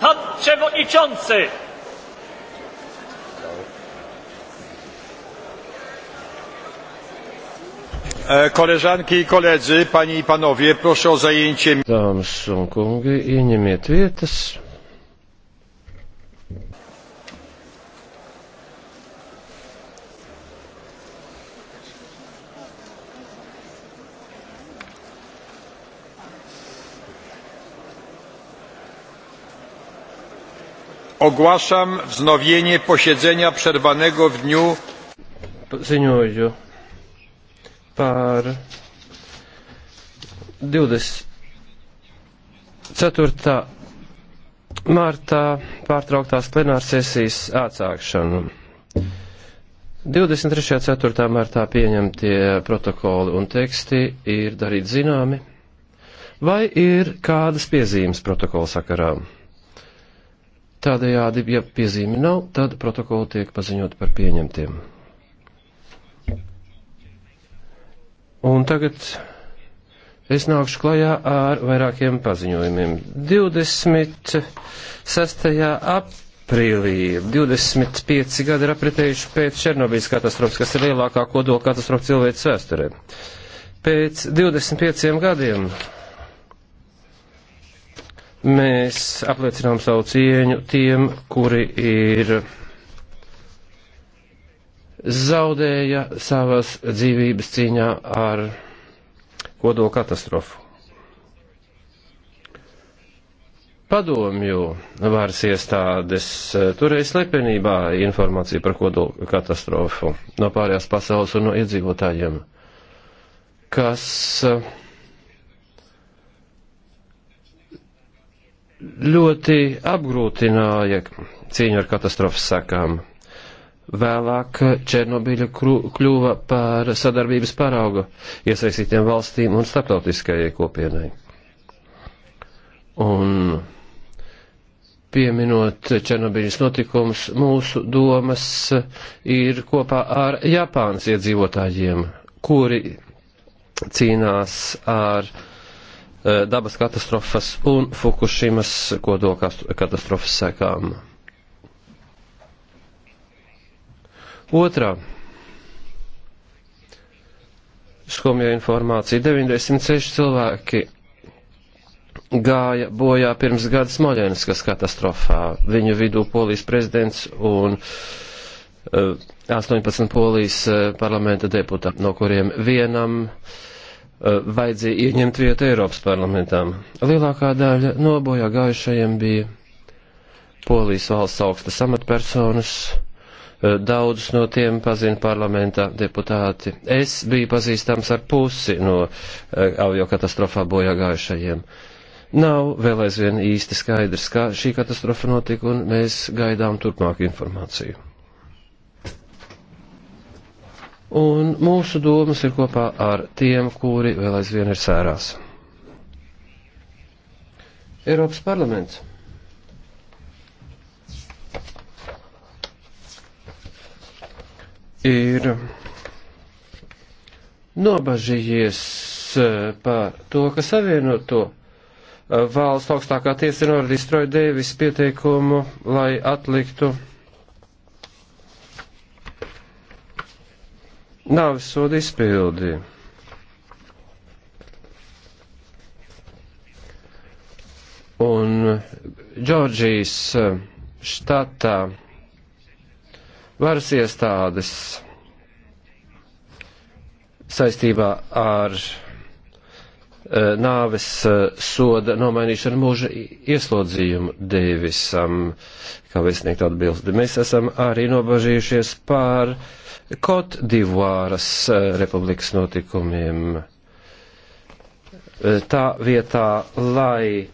Pan Przewodniczący! E, koleżanki i koledzy, panie i panowie, proszę o zajęcie. Dāmas un kungi, ieņemiet vietas. Ogłaszam wznowienie posiedzenia przerwanego w dniu. Ziņoju par 24. martā pārtrauktās plenārsesijas atsākšanu. 23. 4. martā pieņemtie protokoli un teksti ir darīt zināmi. Vai ir kādas piezīmes protokola sakarām? Tādējādi, ja piezīme nav, tad protokoli tiek paziņot par pieņemtiem. Un tagad es nākušu klajā ar vairākiem paziņojumiem. 26. aprīlī 25 gadi ir apritējuši pēc Černobijas katastrofas, kas ir lielākā kodola katastrofa cilvēces vēsturē. Pēc 25 gadiem Mēs apliecinām savu cieņu tiem, kuri ir zaudēja savas dzīvības cīņā ar kodola katastrofu. Padomju varas iestādes eh, turēja slepenībā informāciju par kodola katastrofu no pārējās pasaules un no iedzīvotājiem, kas uh, ļoti apgrūtināja cīņu ar katastrofas sakām. Vēlāk Černobiļa kļuva par sadarbības paraugu iesaistītiem valstīm un starptautiskajai kopienai. Un pieminot Černobiļas notikumus, mūsu domas ir kopā ar Japānas iedzīvotājiem, kuri cīnās ar uh, Eh, dabas katastrofas un Fukushimas kodola katastrofas sekām. Otrā skumja informācija. 96 cilvēki gāja bojā pirms gada Smoļenskas katastrofā. Viņu vidū polijas prezidents un uh, eh, 18 polijas eh, parlamenta deputāti, no kuriem vienam uh, Uh, vajadzēja ieņemt vietu Eiropas parlamentām. Lielākā daļa no bojā gājušajiem bija Polijas valsts augstas amatpersonas, uh, daudzus no tiem pazina parlamentā deputāti. Es biju pazīstams ar pusi no uh, avio katastrofā bojā gājušajiem. Nav vēl aizvien īsti skaidrs, kā šī katastrofa notika, un mēs gaidām turpmāku informāciju un mūsu domas ir kopā ar tiem, kuri vēl aizvien ir sērās. Eiropas parlaments. Ir nobažījies eh, par to, ka savienoto eh, valsts augstākā tiesa ir norādījis Troja Dēvis pieteikumu, lai atliktu nāves sodu izpildi. Un Džordžijas eh, štatā varas iestādes saistībā ar Eh, nāves eh, soda nomainīšana mūža ieslodzījumu Deivisam, kā vēstnieku atbildi. Mēs esam arī nobažījušies pār Kot divāras eh, republikas notikumiem. Tā vietā, lai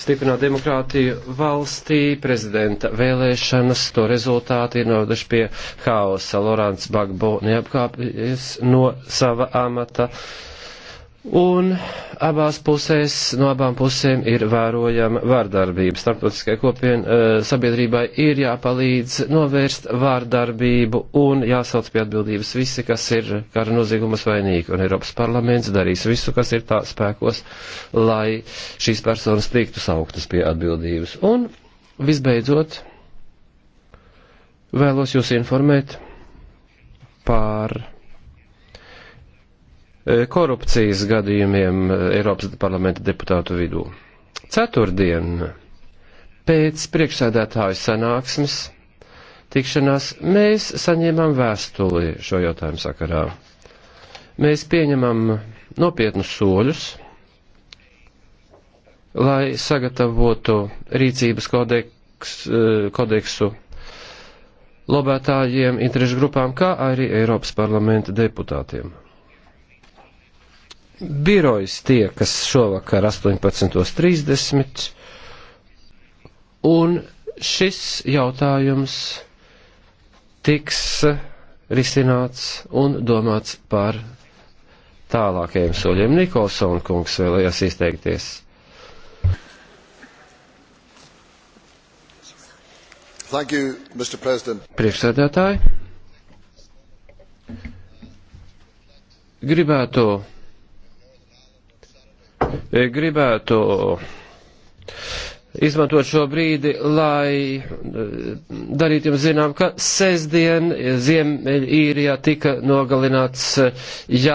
stiprinātu demokrātiju valstī, prezidenta vēlēšanas, to rezultāti ir noveduši pie haosa. Lorants Bagbo neapkāpies no sava amata. Uh, Un abās pusēs, no abām pusēm ir vērojama vārdarbība. Starptautiskajai kopien eh, sabiedrībai ir jāpalīdz novērst vārdarbību un jāsauc pie atbildības visi, kas ir kara noziegumus vainīgi. Un Eiropas parlaments darīs visu, kas ir tā spēkos, lai šīs personas tiktu sauktas pie atbildības. Un visbeidzot, vēlos jūs informēt par Eh, korupcijas gadījumiem eh, Eiropas parlamenta deputātu vidū. Ceturtdien pēc priekšsēdētāju sanāksmes tikšanās mēs saņēmām vēstuli šo jautājumu sakarā. Mēs pieņemam nopietnus soļus, lai sagatavotu rīcības kodeks, eh, kodeksu lobētājiem, interešu grupām, kā arī Eiropas parlamenta deputātiem. Birojas tiekas šovakar 18.30 un šis jautājums tiks risināts un domāts par tālākajiem soļiem. Nikolson kungs vēlējās izteikties. Thank you, Mr. President. Priekšsēdētāji, gribētu gribētu izmantot šo brīdi, lai eh, darītu jums zinām, ka sestdien Ziemeļīrijā tika nogalināts eh, jā.